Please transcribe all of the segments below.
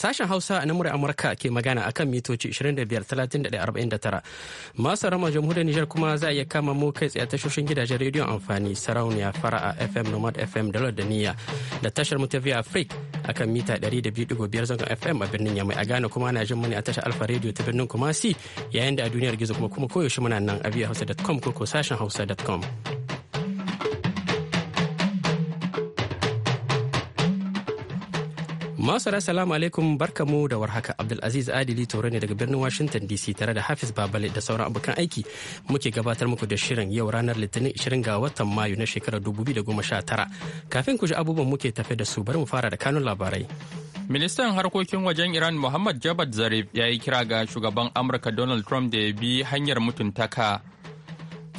Sashen Hausa na murya Amurka ke magana akan mitoci 25 31 Masu rama jamhuriyar Nijar kuma za a iya kama mu kai tsaye tashoshin gidajen rediyon amfani sarauniya fara'a FM Nomad FM Dalar da Niyya da tashar mu ta Via a akan mita 200.5 zangon FM a birnin Yamai a gane kuma na jin mani a tashar Alfa Radio ta birnin Kumasi yayin da a duniyar gizo kuma kuma koyaushe muna nan a viahausa.com ko ko sashen hausa.com. Masara salamu alaikum mu da warhaka Abdulaziz Adili Tore ne daga birnin Washington DC tare da Hafiz Babale da sauran abokan aiki muke gabatar muku da shirin yau ranar Litinin 20 ga watan Mayu na shekarar 2019. Kafin ku ji abubuwan muke tafe da su bari mu fara da kanun labarai. Ministan harkokin wajen Iran Muhammad jabad Zarif ya yi kira ga shugaban Amurka Donald Trump da ya bi hanyar mutuntaka.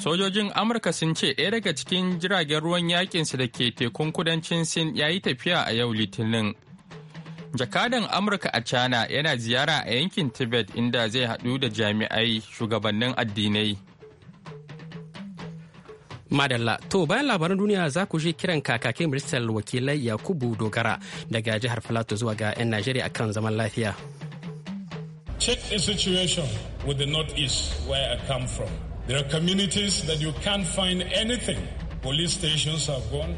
Sojojin Amurka sun ce ɗaya daga cikin jiragen ruwan yakinsu da ke tekun kudancin Sin ya yi tafiya a yau Litinin. Jakadan Amurka a China yana ziyara a yankin Tibet inda zai haɗu da jami'ai shugabannin addinai. Madalla, to bayan labaran duniya za ku je kiran kakakin Bristol wakilai Yakubu Dogara daga jihar Filato zuwa ga 'yan Najeriya akan zaman lafiya. Check the situation with the Northeast where I come from. There are communities that you can't find anything. Police stations have gone.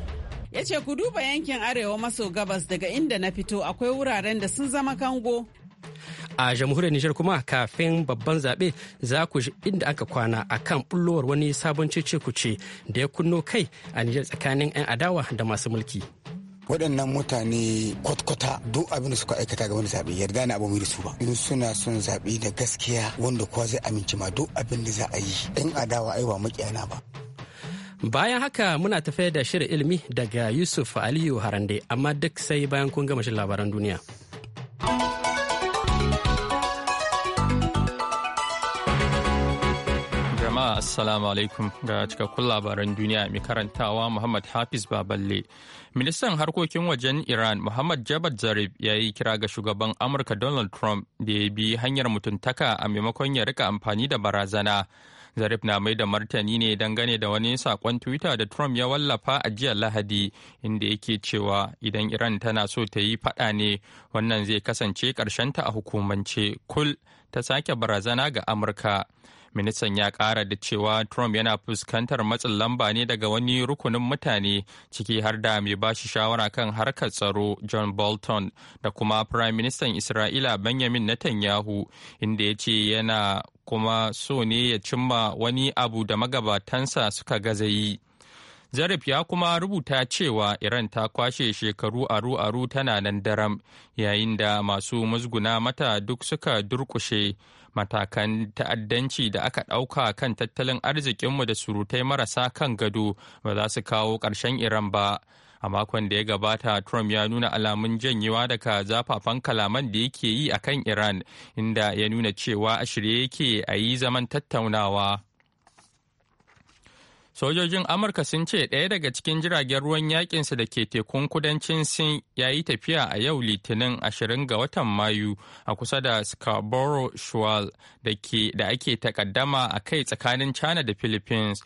ya ce ku duba yankin arewa maso gabas daga inda na fito akwai wuraren da sun zama kango a jamhuriyar nijar kuma kafin babban zaɓe za ku inda aka kwana a kan bullowar wani sabon cece kuce da ya kunno kai a nijar tsakanin 'yan adawa da masu mulki waɗannan mutane kwatkwata duk abin da suka aikata ga wani zaɓe yarda na abin da su ba in suna son zaɓe da gaskiya wanda kowa zai amince ma duk abin da za a yi in adawa aiwa makiyana ba Bayan haka muna tafe da shirin ilimi daga Yusuf Aliyu Harande, amma duk sai bayan kun gama shin labaran duniya. Jama'a Assalamu alaikum ga cikakkun labaran duniya mai karantawa Muhammad Hafiz Baballe. Ministan harkokin wajen Iran Muhammad jabat Zarif ya yi kira ga shugaban Amurka Donald Trump da ya bi hanyar mutuntaka a maimakon ya rika amfani da barazana. Zarif na mai da martani ne dangane da wani sakon Twitter da Trump ya wallafa a jiya Lahadi inda yake cewa idan Iran tana so ta yi faɗa ne wannan zai kasance ƙarshenta a hukumance kul ta sake barazana ga Amurka. ministan ya kara da cewa trump yana fuskantar matsin lamba ne daga wani rukunin mutane ciki har da mai ba shi shawara kan harkar tsaro john bolton da kuma prime minister isra'ila benjamin netanyahu inda ya ce yana kuma so ne ya cimma wani abu da magabatansa suka gaza yi. Zarif ya kuma rubuta cewa Iran ta kwashe shekaru aru-aru tana nan daram yayin da masu musguna mata duk suka durkushe matakan ta'addanci da aka ɗauka kan tattalin arzikinmu da surutai marasa kan gado ba za su kawo ƙarshen Iran ba. a makon da ya gabata trump ya nuna alamun janyewa daga zafafan kalaman da yake yi a kan iran inda ya nuna cewa a shirye yake a yi zaman tattaunawa Sojojin Amurka sun ce ɗaya daga cikin jiragen ruwan yakinsa da ke tekun kudancin Sin ya yi tafiya a yau Litinin 20 ga watan Mayu a kusa da Scarborough Shoal da ake takaddama a kai tsakanin China da Philippines.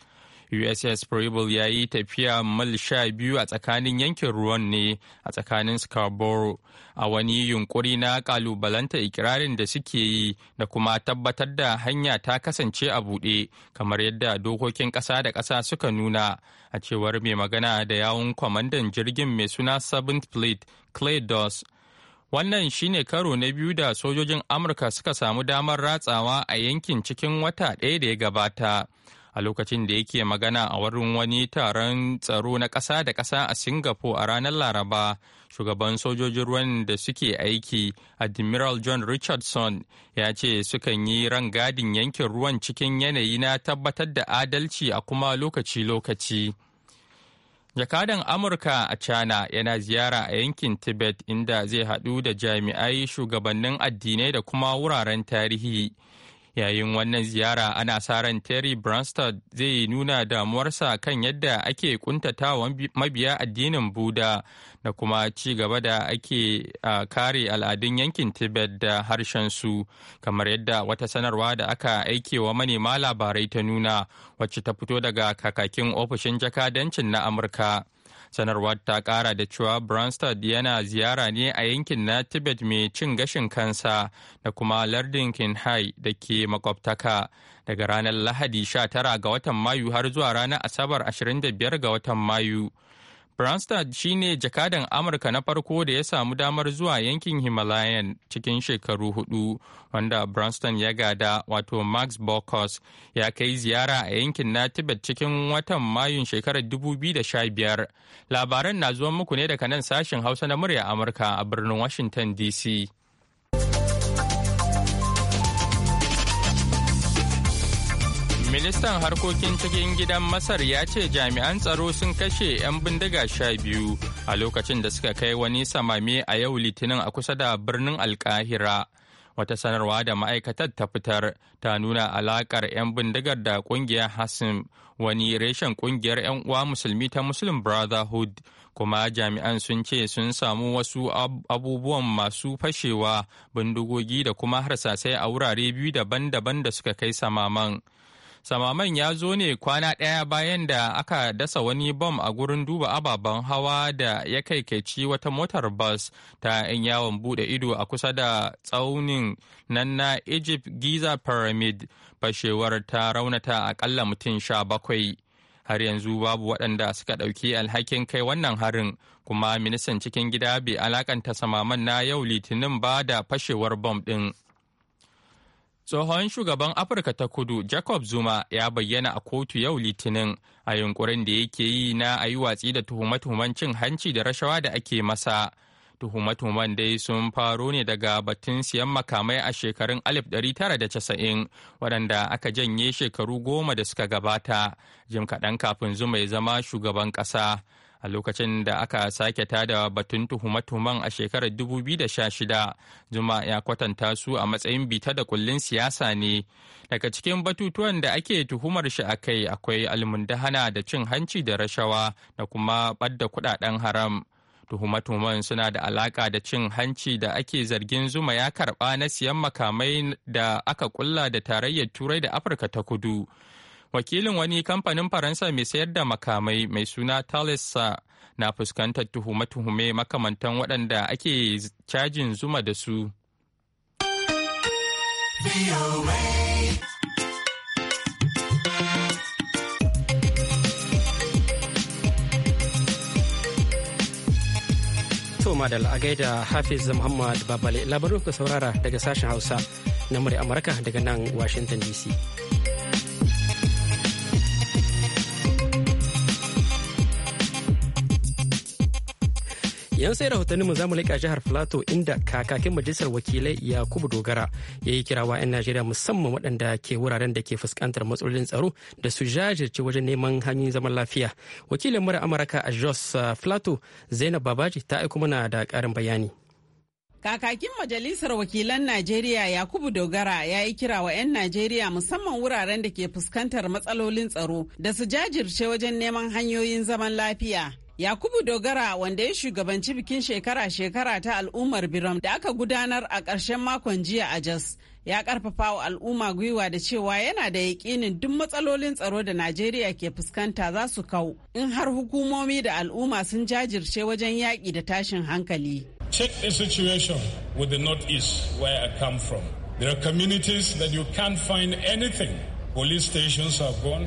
USS Preble ya yi tafiya mil sha biyu a tsakanin yankin ruwan ne a tsakanin Scarborough a wani yunkuri na kalubalanta ikirarin da suke yi da kuma tabbatar da hanya ta kasance a buɗe kamar yadda dokokin ƙasa da ƙasa suka nuna a cewar mai magana da yawun kwamandan jirgin mai suna Seventh Fleet Clay Doss. Wannan shi ne karo na biyu da sojojin Amurka suka samu damar ratsawa a yankin cikin wata ɗaya da ya gabata. a lokacin da yake magana a wurin wani taron tsaro na ƙasa da ƙasa a singapore a ranar laraba shugaban sojojin ruwan da suke aiki admiral john richardson ya ce sukan yi rangadin yankin ruwan cikin yanayi na tabbatar da adalci a kuma lokaci-lokaci jakadan amurka a china yana ziyara a yankin tibet inda zai haɗu da jami'ai shugabannin addinai da kuma wuraren tarihi yayin wannan ziyara ana sa ran terry branstad zai nuna damuwarsa kan yadda ake kuntatawa mabiya addinin buda da kuma ci gaba da ake kare al'adun yankin tibet da harshen su kamar yadda wata sanarwa da aka aike wa manema labarai ta nuna wacce ta fito daga kakakin ofishin jakadancin na amurka sanarwar ta kara da cewa branstad yana ziyara ne a yankin na tibet mai cin gashin kansa da kuma lardin kinhai da ke makwabtaka daga ranar lahadi 19 ga watan mayu har zuwa ranar asabar 25 ga watan mayu Branstad shi ne jakadan Amurka na farko da ya samu damar zuwa yankin Himalayan cikin shekaru hudu, wanda Branston ya gada wato Max Bokos ya kai ziyara a yankin na Tibet cikin watan Mayun shekarar 2015. Labaran na zuwa muku ne daga nan sashen Hausa na murya Amurka a birnin Washington DC. ministan harkokin cikin gidan masar ya ce jami'an tsaro sun kashe 'yan bindiga sha biyu a lokacin da suka kai wani samame a yau litinin a kusa da birnin alkahira wata sanarwa da ma'aikatar ta fitar ta nuna alakar 'yan bindigar da kungiyar hassan wani reshen kungiyar 'yan uwa musulmi ta muslim brotherhood kuma jami'an sun ce sun samu wasu abubuwan masu fashewa bindigogi da kuma harsasai a wurare biyu daban-daban da suka kai samaman. Samaman ya zo ne kwana ɗaya bayan da aka dasa wani bom a gurin duba ababen hawa da ya kaikaici wata motar bas ta 'yan yawon bude ido a kusa da tsaunin nan na Egypt Giza Pyramid fashewar ta raunata a kalla mutum sha bakwai. har yanzu babu waɗanda suka ɗauki alhakin kai wannan harin kuma ministan cikin gida bai alakanta samaman na yau litinin ba da fashewar bom ɗin. Tsohon shugaban Afirka ta kudu Jacob Zuma ya bayyana a kotu yau Litinin a yunkurin da yake yi na a yi watsi da tuhume-tuhumen cin hanci da rashawa da ake masa. Tuhume-tuhumen dai sun faro ne daga batun siyan makamai a shekarun 1990 waɗanda aka janye shekaru goma da suka gabata, jim kaɗan kafin Zuma ya zama shugaban ƙasa. a lokacin da aka sake tada batun tuhume-tuhumen a shekarar 2016 juma ya kwatanta su a matsayin bita da kullin siyasa ne daga cikin batutuwan da ake tuhumar shi a kai akwai almundahana da cin hanci da rashawa da kuma ɓadda kudaden haram tuhume-tuhumen suna da alaka da cin hanci da ake zargin zuma ya karba na siyan makamai da aka kulla da tarayyar turai da afirka ta kudu wakilin wani kamfanin faransa mai sayar da makamai mai suna talisa na fuskantar tuhume-tuhume makamantan waɗanda ake cajin zuma da su To madal a gaida Hafiz Muhammad Babale labarin ku saurara daga sashen Hausa na murya Amurka daga nan Washington DC. yan sai rahotanni mu zamu leka jihar Plateau inda kakakin majalisar wakilai Yakubu Dogara ya yi kirawa 'yan Najeriya musamman waɗanda ke wuraren da ke fuskantar matsalolin tsaro da su jajirce wajen neman hanyoyin zaman lafiya. Wakilin mura Amurka a Jos Plateau uh, Zainab Babaji ta aiko mana da karin bayani. Kakakin Majalisar Wakilan Najeriya Yakubu Dogara ya yi kira wa 'yan Najeriya musamman wuraren da ke fuskantar matsalolin tsaro da su jajirce wajen neman hanyoyin zaman lafiya. Yakubu Dogara wanda ya shugabanci bikin shekara-shekara ta al'ummar Biram da aka gudanar a ƙarshen makon jiya a Jos ya ƙarfafa wa al'umma gwiwa da cewa yana da yaƙinin duk matsalolin tsaro da Najeriya ke fuskanta za su kau in har hukumomi da al'umma sun jajirce wajen yaƙi da tashin hankali. Check the situation with the Northeast where I come from. There are communities that you can't find anything. Police stations have gone.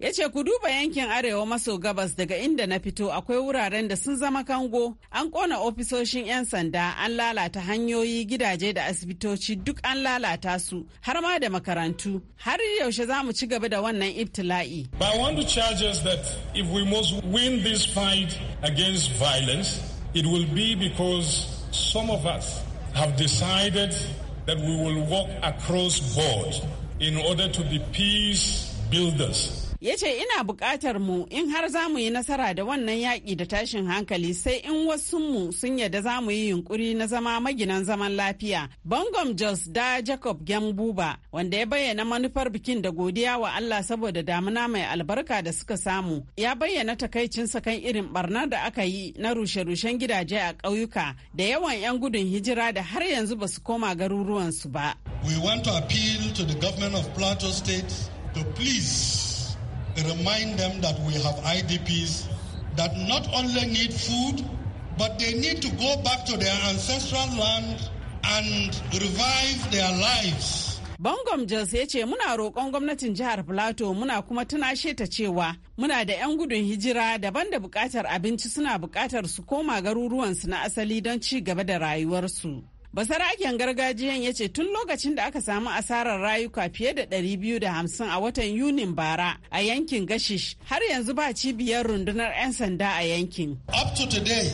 Ya ce ku duba yankin arewa maso gabas daga inda na fito akwai wuraren da sun zama kango, an kona ofisoshin 'yan sanda, an lalata hanyoyi, gidaje da asibitoci duk an lalata su, har ma da makarantu. Har yaushe za mu ci gaba da wannan ibtila'i. I that if we must win this fight against violence, it be because some have decided that we will walk across board in order to be peace builders ya ce ina bukatar mu in har za mu yi nasara da wannan yaƙi da tashin hankali sai in wasu mu sun yarda za mu yi yunkuri na zama maginan zaman lafiya bangom jos da jacob gembuba wanda ya bayyana manufar bikin da godiya wa allah saboda damuna mai albarka da suka samu ya bayyana takaicinsa kan irin barnar da aka yi na rushe-rushen gidaje a ƙauyuka da yawan 'yan gudun hijira da har yanzu ba su koma garuruwansu ba. We want to appeal to the government of Plateau State to please remind them that we have IDPs that not only need food, but they need to go back to their ancestral land and revive their lives. Bangom Jos ya ce muna roƙon gwamnatin jihar Filato muna kuma tunashe ta cewa muna da 'yan gudun hijira daban da buƙatar abinci suna buƙatar su koma garuruwansu na asali don ci gaba da rayuwarsu. basaraken gargajiyan ya ce tun lokacin da aka samu asarar rayuka fiye da 250 a watan yunin bara a yankin gashish har yanzu ba cibiyar rundunar 'yan sanda a yankin up to today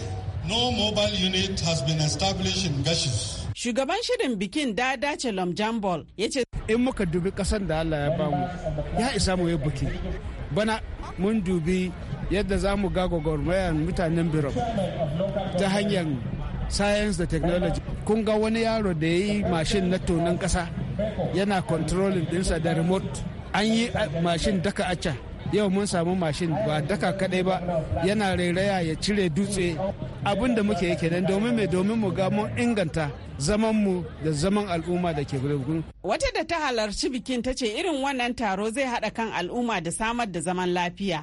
no mobile unit has been established in gashish shugaban shirin bikin dada dace jambol ya ce in muka dubi kasan da allah ya bamu ya isa mu yi buki? bana mun dubi yadda za mu ga gwagwarmayar mutanen birom ta hanyar science da technology kun ga wani yaro da ya yi mashin na tonon ƙasa yana controlling dinsa da remote an yi mashin daka a can yau mun samu mashin ba daka kadai ba yana rairaya ya cire dutse abin da muke yake nan domin mai domin mu ga mun inganta zaman mu da zaman al'umma da ke gurgun. Wata da ta halarci bikin ta ce irin wannan taro zai hada kan al'umma da samar da zaman lafiya.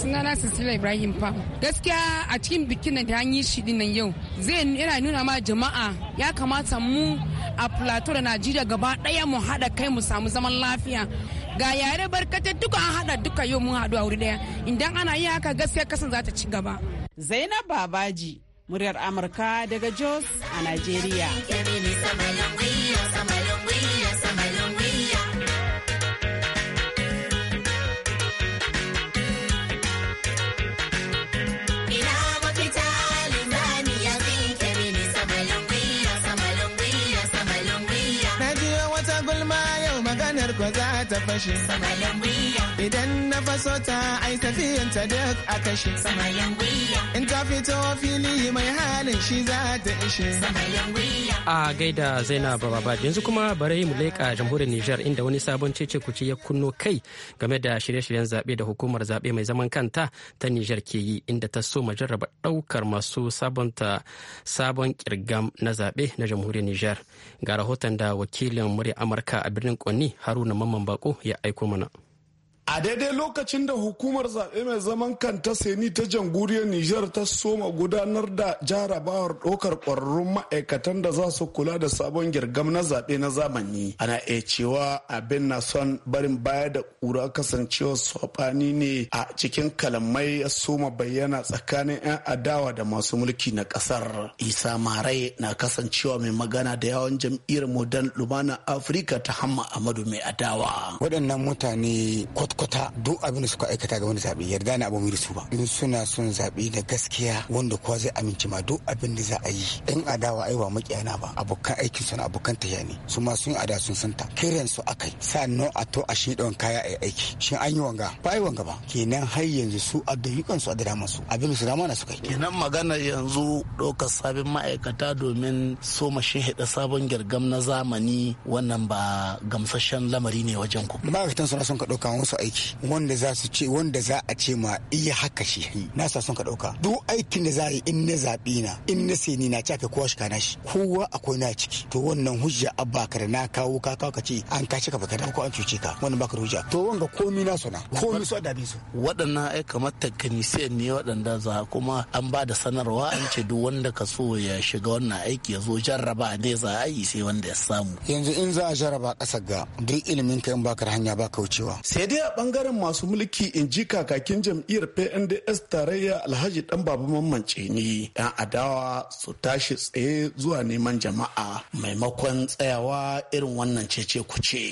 sunana Sisila Ibrahim Pam. Gaskiya a cikin bikin da an yi shi dinnan yau zai yana nuna ma jama'a ya kamata mu a plateau da Najeriya gaba daya mu hada kai mu samu zaman lafiya. ga yare barkatai duka an haɗa duka yau mun haɗu a wuri ɗaya idan ana yi haka gaskiya kasan za ta ci gaba. Zainab Babaji muryar Amurka daga Jos a Najeriya. ta idan na faso ta ai tafiyan ta duk a kashe in ta fito fili mai halin shi za ta ishe a gaida zainab baba yanzu kuma bari mu leka jamhuriyar niger inda wani sabon cece kuce ya kunno kai game da shirye-shiryen zabe da hukumar zabe mai zaman kanta ta niger ke yi inda ta so majarraba daukar masu sabonta sabon kirgam na zabe na jamhuriyar niger ga rahoton da wakilin murya amurka a birnin konni haruna mamman bako ya aiko mana. A daidai lokacin da hukumar zaɓe mai zaman kanta Seni ta jamhuriyar Nijar ta soma gudanar da jarabawar ɗaukar ƙwararrun ma'aikatan da za su kula da sabon girgam na zaɓe na zamani. Ana iya cewa abin na son barin baya da ƙura kasancewa saɓani ne a cikin kalamai ya soma bayyana tsakanin 'yan adawa da masu mulki na ƙasar. Isa Marai na kasancewa mai magana da yawan jam'iyyar Modern Lumana Afirka ta Hamma Amadu mai adawa. Waɗannan mutane kwata-kwata duk abin da suka aikata game da zaɓe yarda na abu da su ba in suna son zaɓe da gaskiya wanda kowa zai amince ma duk abin da za a yi in adawa ai ba makiyana ba abokan aikin su na abokan ta ne su ma sun ada sun santa kiran su akai sannan a to a shi don kaya a aiki shin an yi wanga ba yi wanga ba kenan har yanzu su a ayyukan su a dama masu abin su dama na suka kai kenan magana yanzu ɗaukar sabin ma'aikata domin so mashin hida sabon girgam na zamani wannan ba gamsashen lamari ne wajen ku ma'aikatan su na son ka ɗauka wasu aiki wanda za su ce wanda za a ce ma iya haka shi yi na sa son ka dauka duk aikin da za yi in na zaɓi na in na sai ni na ci aka kowa shi kana shi kowa akwai na ciki to wannan hujja abba ka da na kawo ka kawo ka ce an ci ka baka ko an cuce ka wannan baka hujja to wanga komi na sona komi so da biso waɗannan ai kamar takanisiyan ne waɗanda za kuma an ba da sanarwa an ce duk wanda ka so ya shiga wannan aiki ya zo jarraba ne za a yi sai wanda ya samu yanzu in za a jarraba ƙasar ga duk ilimin ka in baka hanya baka wucewa sai dai bangaren masu mulki in ji kakakin jam'iyyar PNDS tarayya Alhaji dan Babu Mamance ne. Yan adawa su tashi tsaye zuwa neman jama'a maimakon tsayawa irin wannan cece kuce.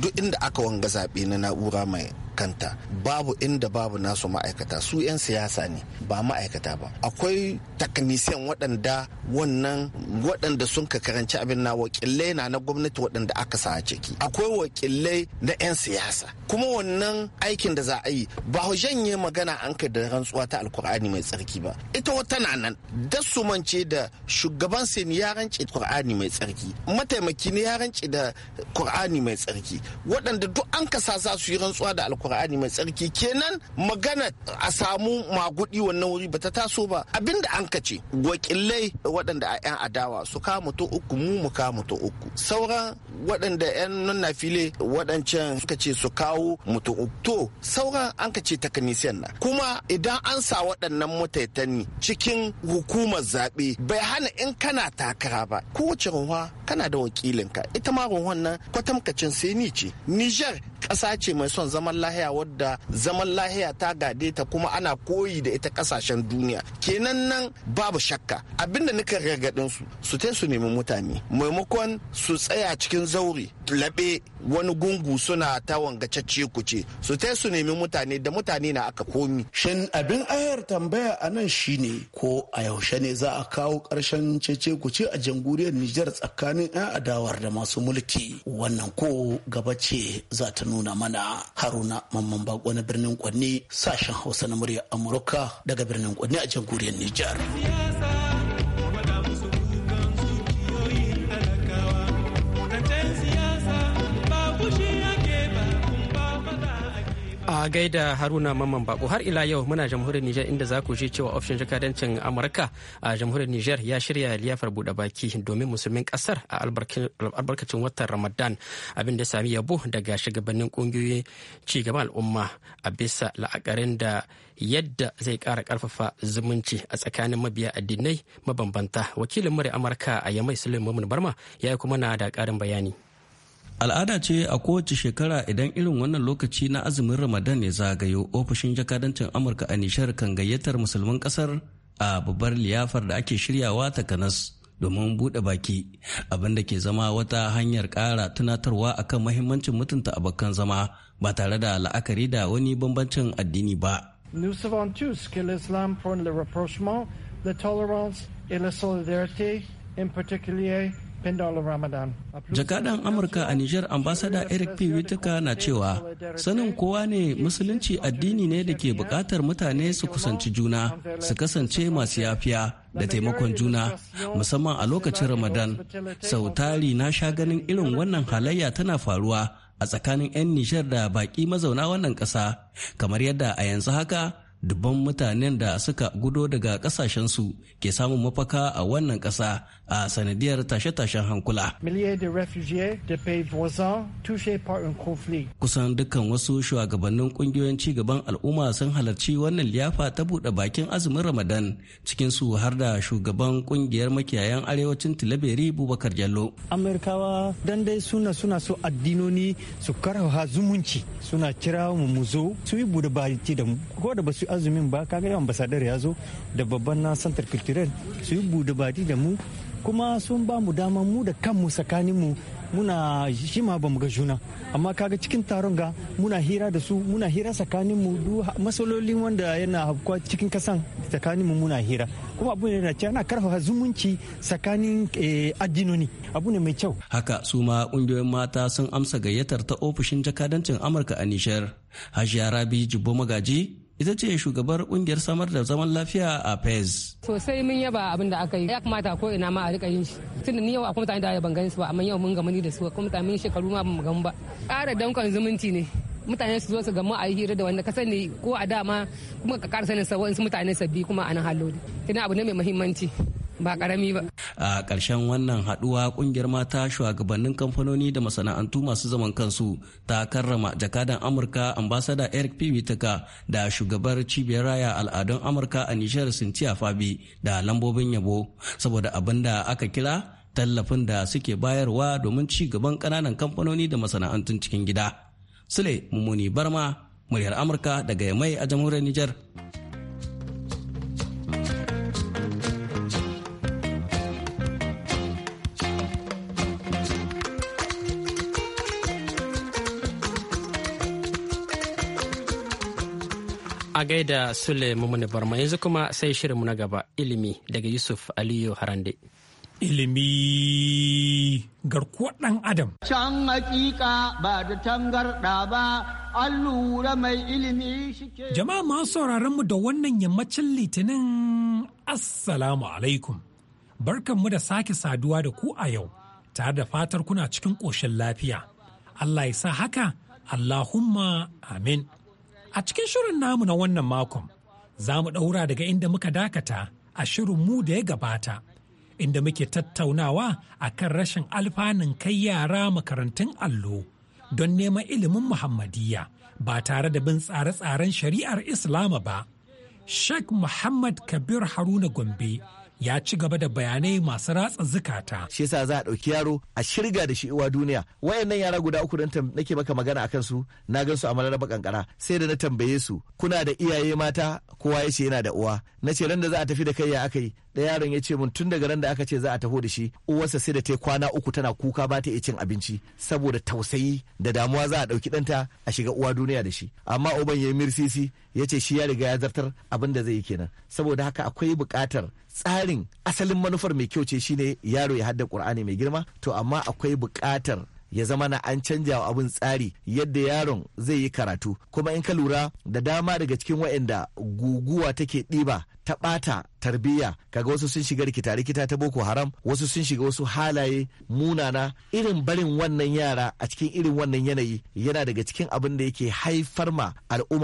Duk inda aka wanga zaɓe na na'ura mai kanta babu inda babu nasu ma'aikata su 'yan siyasa ne ba ma'aikata ba akwai takanisiyan waɗanda wannan waɗanda sun ka karanci abin na wakilai na na gwamnati waɗanda aka sa ciki akwai wakilai na 'yan siyasa kuma wannan aikin da za a yi ba janye magana an kai da rantsuwa ta alkur'ani mai tsarki ba ita wata na nan dasu mance da shugaban sai ni rance kur'ani mai tsarki mataimaki ne rance da kur'ani mai tsarki waɗanda duk an kasa za su yi rantsuwa da alkur'ani alkur'ani mai tsarki kenan magana a samu magudi wannan wuri bata taso ba abinda an kace wakilai waɗanda a 'yan adawa su ka mutu uku mu mu ka mutu uku sauran waɗanda 'yan nuna file waɗancan suka ce su kawo mutu uku to sauran an kace takanisiyan na kuma idan an sa waɗannan mutaitani cikin hukumar zaɓe bai hana in kana takara ba kowace ruwa kana da wakilinka ita ma ruwan nan kwatamkacin sai ni ce niger ƙasa ce mai son zaman lahiya wadda zaman lahiya ta gade ta kuma ana koyi da ita kasashen duniya kenan nan babu shakka abinda nika gargaɗin su su te su nemi mutane maimakon su tsaya cikin zauri labe wani gungu suna ta ku kuce su te su nemi mutane da mutane na aka komi. shin abin ayar tambaya a nan shine ko a yaushe ne za a kawo karshen cece kuce a jamhuriyar nijar tsakanin 'yan adawar da masu mulki wannan ko gaba ce za ta nuna mana haruna mamman bako na birnin kwanne sashen hausa na murya amurka daga birnin kwanne a jamhuriyar nijar a gaida haruna mamman bako har ila yau muna jamhuriyar niger inda za ku ji cewa ofishin jakadancin amurka a jamhuriyar niger ya shirya liyafar buɗe baki domin musulmin kasar a albarkacin watan ramadan abin da sami yabo daga shugabannin kungiyoyin ci gaban al'umma a bisa la'akarin da yadda zai kara karfafa zumunci a tsakanin mabiya addinai mabambanta wakilin mure amurka a yamai suleiman barma ya yi kuma na da karin bayani al'ada ce a kowace shekara idan irin wannan lokaci na azumin ramadan ya zagayo ofishin jakadancin amurka a nishar kan gayyatar musulman kasar a babbar liyafar da ake shiryawa takanas domin buɗe baki abinda ke zama wata hanyar kara tunatarwa akan mahimmancin mutunta abokan zama ba tare da la'akari da wani bambancin addini ba. In particular, l'islam le rapprochement, la Jakadan Amurka a Niger ambasada Eric P. na cewa sanin kowa ne musulunci addini ne da ke bukatar mutane su kusanci juna su kasance masu yafiya da taimakon juna musamman a lokacin Ramadan. Sau tari na sha ganin irin wannan halayya tana faruwa a tsakanin 'yan Nijar da baƙi mazauna wannan ƙasa kamar yadda a yanzu haka dubban mutanen da suka gudo daga su ke samun mafaka a wannan kasa a sanadiyar tashe-tashen hankula. Kusan dukkan wasu shugabannin kungiyoyin gaban al'umma sun halarci wannan liyafa ta buɗe bakin azumin Ramadan cikin su har da shugaban kungiyar makiyayan arewacin Tilaberi Bubakar Jallo. Amerikawa dan dai suna suna so addinoni su karha zumunci suna kira mu mu zo su yi buɗe baki da mu ko da ba su azumin ba kaga yawan basadar ya zo da babban na santar cultural su yi bude baɗi da mu kuma sun ba mu dama mu da kanmu tsakaninmu muna shima ba mu ga juna amma kaga cikin taron ga muna hira da su muna hira tsakanin mu duk masalolin wanda yana hakuwa cikin kasan tsakanin muna hira kuma abu ne na cewa na karfafa zumunci tsakanin eh, addinoni abu ne mai kyau haka su ma kungiyoyin mata sun amsa gayyatar ta ofishin jakadancin amurka a nishar hajiya rabi jibbo magaji ita ce shugabar kungiyar samar da zaman lafiya a Fez. Sosai mun yaba abin da aka yi ya kamata ko ina ma a rika yin shi. Tun ni yau akwai mutane da ban gani su ba amma yau mun gamani da su kuma mutane mun shekaru ma ban gamu ba. Ƙara dankon zumunci ne. mutane su zo su gamu a yi hira da wanda ka sani ko a dama kuma ka ƙara sanin sa mutane sabbi kuma a nan haloli. Tuna abu ne mai muhimmanci. ba karami ba a ƙarshen wannan haɗuwa ƙungiyar mata shugabannin kamfanoni da masana'antu masu zaman kansu ta karrama jakadan amurka ambasada eric p taka da shugabar cibiyar raya al'adun amurka a nishar cynthia fabi da lambobin yabo saboda abin da aka kira tallafin da suke bayarwa domin ci gaban ƙananan kamfanoni da masana'antun cikin gida. Sule Mummuni Barma, muryar Amurka daga Yamai a jamhuriyar Nijar. a gaida Sule Mumuni Barma yanzu kuma sai shirinmu na gaba ilimi daga Yusuf Aliyu Harande. Ilimi garkuwar ɗan Adam. Can hakika ba da tangarɗa ba, allura mai ilimi shike. Jama'a masu sauraron mu da wannan yammacin litinin Assalamu alaikum. Barkanmu da sake saduwa da ku a yau, tare da fatar kuna cikin ƙoshin lafiya. Allah ya sa haka, Allahumma amin. A cikin shirin namu na wannan makon, za mu ɗaura daga inda muka dakata a shirin mu da ya gabata, inda muke tattaunawa a kan rashin alfanun kai yara makarantun allo don neman ilimin Muhammadiyya ba tare da bin tsare-tsaren shari'ar Islama ba. Sheikh Muhammad Kabir Haruna Gombe ya ci gaba da bayanai masu ratsa zukata. Shi yasa za a ɗauki yaro a shirga da shi uwa duniya. Wayannan yara guda uku da nake maka magana a kansu na gan su a malaraba kankara sai da na tambaye su kuna da iyaye mata kowa ya ce yana da uwa na ce ran da za a tafi da kai ya aka yi da yaron ya ce mun tun daga ran da aka ce za a taho da shi uwarsa sai da ta kwana uku tana kuka ba ta iya cin abinci saboda tausayi da damuwa za a ɗauki danta a shiga uwa duniya da shi amma uban ya yi mirsisi ya ce shi ya riga ya zartar abin da zai yi kenan saboda haka akwai buƙatar tsarin asalin manufar mai kyau ce shine yaro ya hadda ƙur'ani mai girma to amma akwai buƙatar ya zama na an canja wa abin tsari yadda yaron zai yi karatu kuma in ka lura da dama daga cikin waɗanda guguwa take ɗiba ta ɓata tarbiyya kaga wasu sun shiga rikita rikita ta boko haram wasu sun shiga wasu halaye munana irin barin wannan yara a cikin irin wannan yanayi yana daga cikin abin da yake haifar ma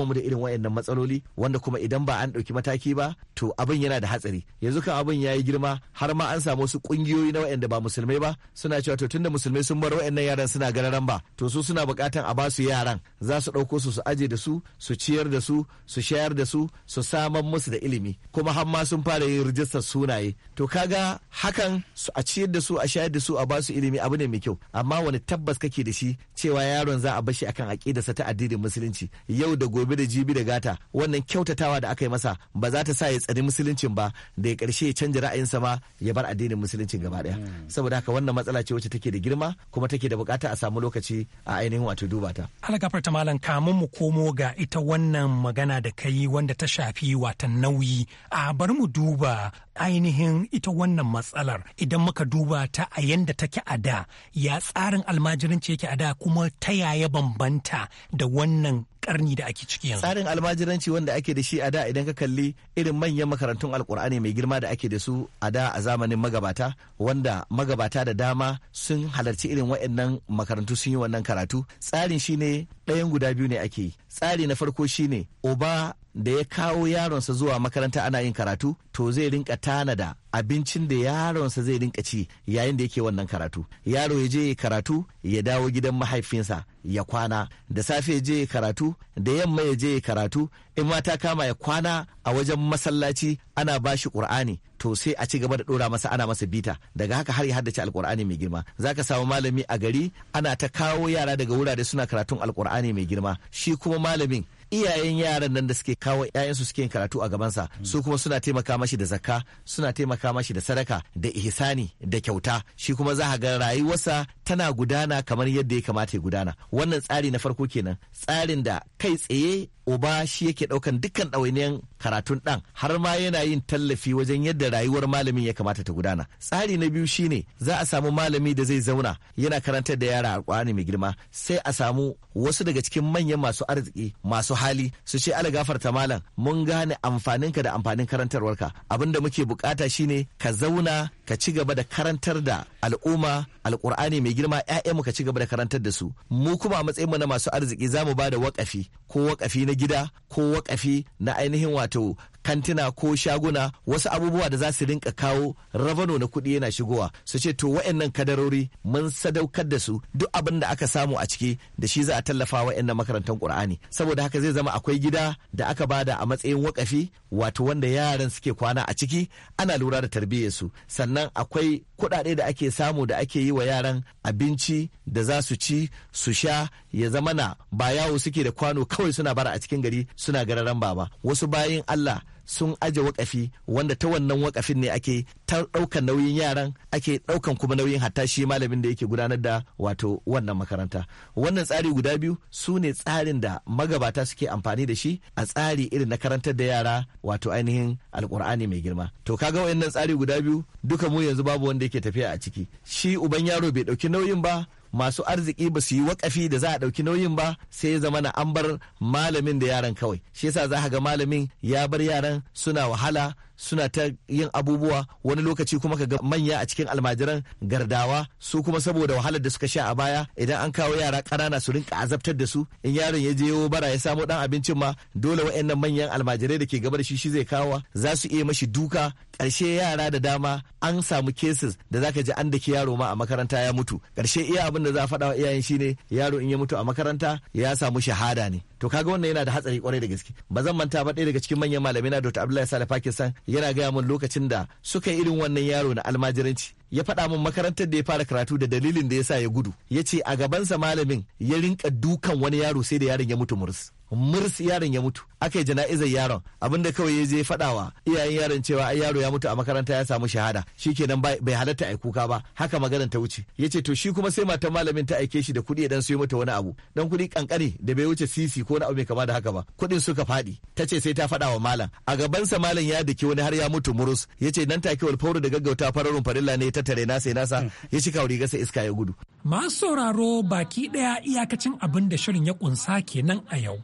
mu da irin wayannan matsaloli wanda kuma idan ba an ɗauki mataki ba to abin yana da hatsari yanzu kan abin ya yi girma har ma an samu wasu kungiyoyi na wayanda ba musulmai ba suna cewa to tunda musulmai sun bar wayannan yaran suna gararan ba to su suna buƙatan a ba su yaran za su ɗauko su su aje da su su ciyar da su su shayar da su su samar musu da ilimi kuma har ma sun fara yin rijistar sunaye to kaga hakan su a ciyar da su a shayar da su a basu ilimi abu ne mai kyau amma wani tabbas kake da shi cewa yaron za a bashi akan sa ta addinin musulunci yau da gobe da jibi da gata wannan kyautatawa da aka yi masa ba za ta sa ya tsani musuluncin ba da ya karshe ya canja ra'ayinsa ma ya bar addinin musulunci gaba daya hmm. saboda haka wannan matsala ce wacce take da girma kuma take da bukata a samu lokaci a ainihin wato duba ta alagafar ta malam kamun mu komo ga ita wannan magana da kai wanda ta shafi wata nauyi a bar mu duba ainihin ita wannan matsalar idan muka duba ta a yanda take a da ya tsarin almajiranci yake a da kuma ta yaya bambanta da wannan karni da ake ciki yanzu. Tsarin almajiranci wanda ake da shi a da idan ka kalli irin manyan makarantun alkur'ani mai girma da ake da su a da a zamanin magabata wanda magabata da dama sun halarci irin waɗannan makarantu sun yi wannan karatu. Tsarin shine ɗayan guda biyu ne ake yi. Tsari na farko shine oba da ya kawo yaronsa zuwa makaranta ana yin karatu to zai rinka tanada abincin da yaronsa zai rinka ci yayin da yake wannan karatu yaro ya je karatu ya dawo gidan mahaifinsa ya kwana da safe ya je karatu da yamma ya je karatu in ma ta kama ya kwana a wajen masallaci ana bashi qur'ani to sai a ci gaba da dora masa ana masa bita daga haka har ya haddace alkur'ani mai girma zaka samu malami a gari ana ta kawo yara daga wurare suna karatun alkur'ani mai girma shi kuma malamin iyayen yaran nan da suke kawo su suke yin karatu a gabansa su kuma suna taimaka mashi da zakka suna taimaka mashi da sadaka da ihsani da kyauta shi kuma za a ga rayuwarsa tana gudana kamar yadda ya kamata ya gudana wannan tsari na farko kenan tsarin da kai tsaye uba shi yake ɗaukan dukkan ɗawainiyan karatun ɗan har ma yana yin tallafi wajen yadda rayuwar malamin ya kamata ta gudana tsari na biyu shine za a samu malami da zai zauna yana karantar da yara a ƙwani mai girma sai a samu wasu daga cikin manyan masu arziki masu hali su ce ala gafarta malam mun gane amfaninka da amfanin karantarwarka abinda muke bukata shine ka zauna ka ci gaba da karantar da al'umma alkur'ani mai girma mu ka ci gaba da karantar da su mu kuma a matsayinmu na masu arziki za mu ba da wakafi ko wakafi na gida ko wakafi na ainihin wato kantina ko shaguna wasu abubuwa da za su rinka kawo rabano na kuɗi yana shigowa su ce to wa'annan kadarori mun sadaukar da su duk abin da aka samu a ciki da shi za a tallafa wa'annan makarantar Qur'ani saboda haka zai zama akwai gida da aka bada a matsayin wakafi wato wanda yaran suke kwana a ciki ana lura da tarbiyyar su sannan akwai kuɗaɗe da ake samu da ake yi wa yaran abinci da za su ci su sha ya zama na ba yawo suke da kwano kawai suna bara a cikin gari suna gararan baba wasu bayin Allah sun aje wakafi wanda ta wannan wakafin ne ake ta ɗaukan nauyin yaran ake ɗaukan kuma nauyin hatta shi malamin da yake gudanar da wato wannan makaranta wannan tsari guda biyu su ne tsarin da magabata suke amfani da shi a tsari irin na karantar da yara wato ainihin alkur'ani mai girma to kaga wayannan tsari guda biyu duka mu yanzu babu wanda yake tafiya a ciki shi uban yaro bai ɗauki nauyin ba masu arziki ba su yi wakafi da za a ɗauki nauyin ba sai ya zama na an bar malamin da yaran kawai shi yasa za ga malamin ya bar yaran suna wahala suna ta yin abubuwa wani lokaci kuma ka ga manya a cikin almajiran gardawa su kuma saboda wahalar da suka sha a baya idan an kawo yara ƙanana su rinka azabtar da su in yaron ya je yawo bara ya samo dan abincin ma dole waɗannan manyan almajirai da ke gaba da shi shi zai kawo za su iya mashi duka ƙarshe yara da dama an samu cases da zaka ji an daki yaro ma a makaranta ya mutu karshe iya abin da za a faɗa wa iyayen shine yaro in ya mutu a makaranta ya samu shahada ne to kaga wannan yana da hatsari kwarai da gaske ba zan manta ba ɗaya daga cikin manyan malamai na Dr. Abdullahi Sale Pakistan yana gaya min lokacin da suka yi irin wannan yaro na almajiranci ya faɗa min makarantar da ya fara karatu da dalilin da ya sa ya gudu ya ce a gabansa malamin ya rinka dukan wani yaro sai da yaron ya mutu murs murs yaron ya mutu aka yi jana'izar yaron abinda kawai ya je faɗawa iyayen yaron cewa ai yaro ya mutu a makaranta ya samu shahada shikenan bai halatta ai kuka ba haka maganar ta wuce yace to shi kuma sai matan malamin ta aike shi da kuɗi dan sayo mata wani abu dan kuɗi kankani da bai wuce sisi ko wani abu mai kama da haka ba kuɗin suka faɗi tace sai ta faɗa wa malam a gabansa malam ya dake wani har ya mutu murus yace nan take walfauru da gaggauta fararun farilla ne ta tare nasa nasa ya hmm. cika gasa iska ya gudu masu sauraro baki daya iyakacin abin da shirin ya kunsa kenan a yau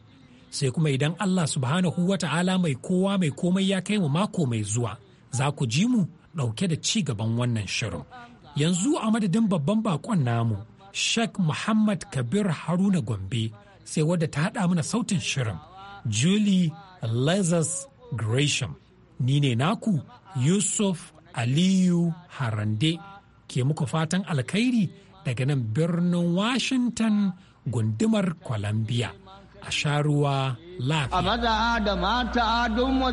sai kuma idan Allah subhanahu wa ta'ala mai kowa mai komai ya kai mu mako mai zuwa za ku ji mu ɗauke da ci gaban wannan shirin. Yanzu a madadin babban bakon namu Sheikh Muhammad Kabir Haruna Gombe sai wadda ta haɗa mana sautin shirin Julie Lazarus Gresham. Ni ne naku Yusuf Aliyu Harande ke muku fatan alkhairi daga nan birnin Washington gundumar Columbia. a sha ruwa lafiya. A maza da mata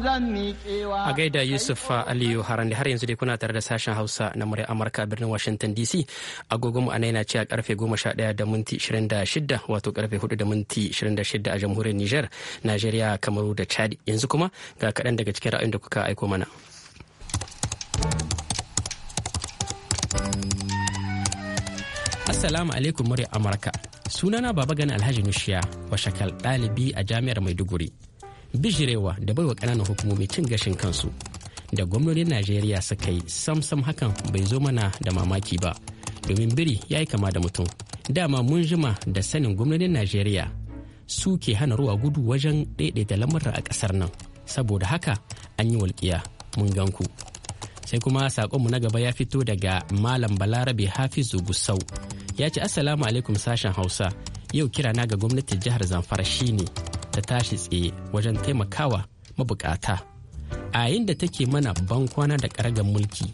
zan miƙewa. gaida Yusuf Aliyu Harande har yanzu dai kuna tare da sashen Hausa na murya Amurka a birnin Washington DC. Agogonmu a yana ce a karfe 11 da minti 26 wato karfe 4 da minti 26 a jamhuriyar Niger, Najeriya, Kamaru da Chad. Yanzu kuma ga kaɗan daga cikin ra'ayin da kuka aiko mana. Assalamu alaikum murya Amurka. Sunana Baba Gani Alhaji Nushiya, shakal ɗalibi a Jami'ar Maiduguri. Bijirewa da baiwa ƙananan hukumomi cin gashin kansu. Da gwamnonin Najeriya suka yi sam-sam hakan bai zo mana da mamaki ba. Domin biri ya yi kama da mutum. Dama mun jima da sanin gwamnonin Najeriya su ke hana ruwa gudu wajen ɗaiɗaita lamurra a ƙasar nan. Saboda haka an yi walƙiya mun gan ku. sai kuma sakonmu na gaba ya fito daga malam balarabe hafizu gusau ya ce assalamu alaikum sashen hausa yau kira na ga gwamnatin jihar zamfara shine ta tashi tsaye wajen taimakawa mabukata a yayin da take mana bankwana da karagar mulki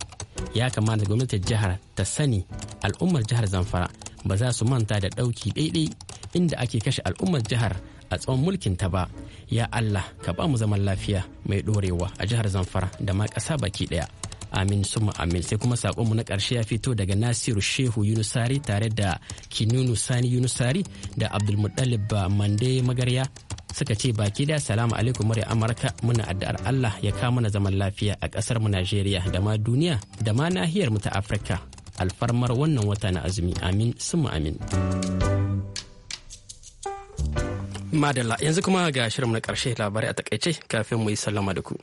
ya kamata gwamnatin jihar ta sani al'ummar jihar zamfara ba za su manta da ɗauki ɗaiɗai inda ake kashe al'ummar jihar a tsawon mulkin ta ba ya allah ka ba mu zaman lafiya mai ɗorewa a jihar zamfara da ma ƙasa baki ɗaya amin suma amin sai kuma sakonmu na karshe ya fito daga nasiru shehu yunusari tare da kinunu sani yunusari da abdulmuttalib mande magarya suka ce baki da salamu alaikum murya amurka muna addu'ar allah ya kawo mana zaman lafiya a kasar mu najeriya da ma duniya da ma nahiyar mu ta afirka alfarmar wannan wata na azumi amin suma amin madalla yanzu kuma ga shirin na ƙarshe labarai a takaice kafin mu yi sallama da ku.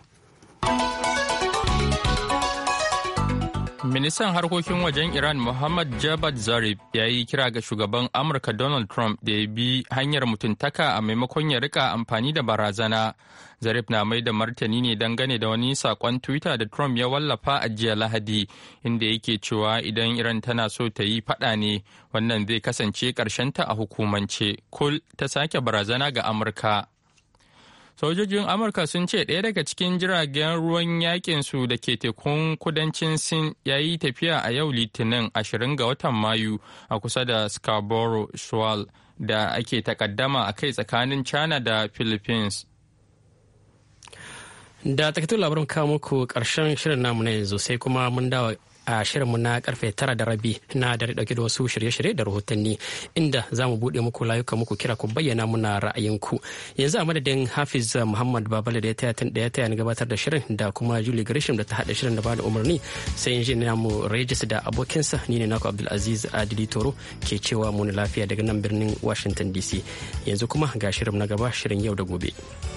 Ministan harkokin wajen Iran Muhammad Javad Zarif ya yi kira ga shugaban Amurka Donald Trump da ya bi hanyar mutuntaka a maimakon ya rika amfani da barazana. Zarif na mai da martani ne dangane da wani sakon Twitter da Trump ya wallafa a jiya Lahadi, inda yake cewa idan Iran tana so ta yi fada ne, wannan zai kasance ta a hukumance. Kul ta sake barazana ga Amurka. sojojin amurka sun ce ɗaya daga cikin jiragen ruwan yakin su da ke tekun kudancin sin ya yi tafiya a yau litinin 20 ga watan mayu a kusa da scarborough shoal da ake takaddama a kai tsakanin china da philippines da takaitun labarin kawo muku karshen shirin namu na yanzu sai kuma mun dawa a shirinmu na karfe tara da rabi na dare dauke da wasu shirye-shirye da rahotanni inda za mu buɗe muku layuka muku kira ku bayyana muna ra'ayinku yanzu a madadin hafiz muhammad babala da ya taya tun ya taya ni gabatar da shirin da kuma julie gresham da ta haɗa shirin da bada umarni sai na mu regis da abokinsa ni ne naku abdulaziz adili toro ke cewa muni lafiya daga nan birnin washington dc yanzu kuma ga shirin na gaba shirin yau da gobe.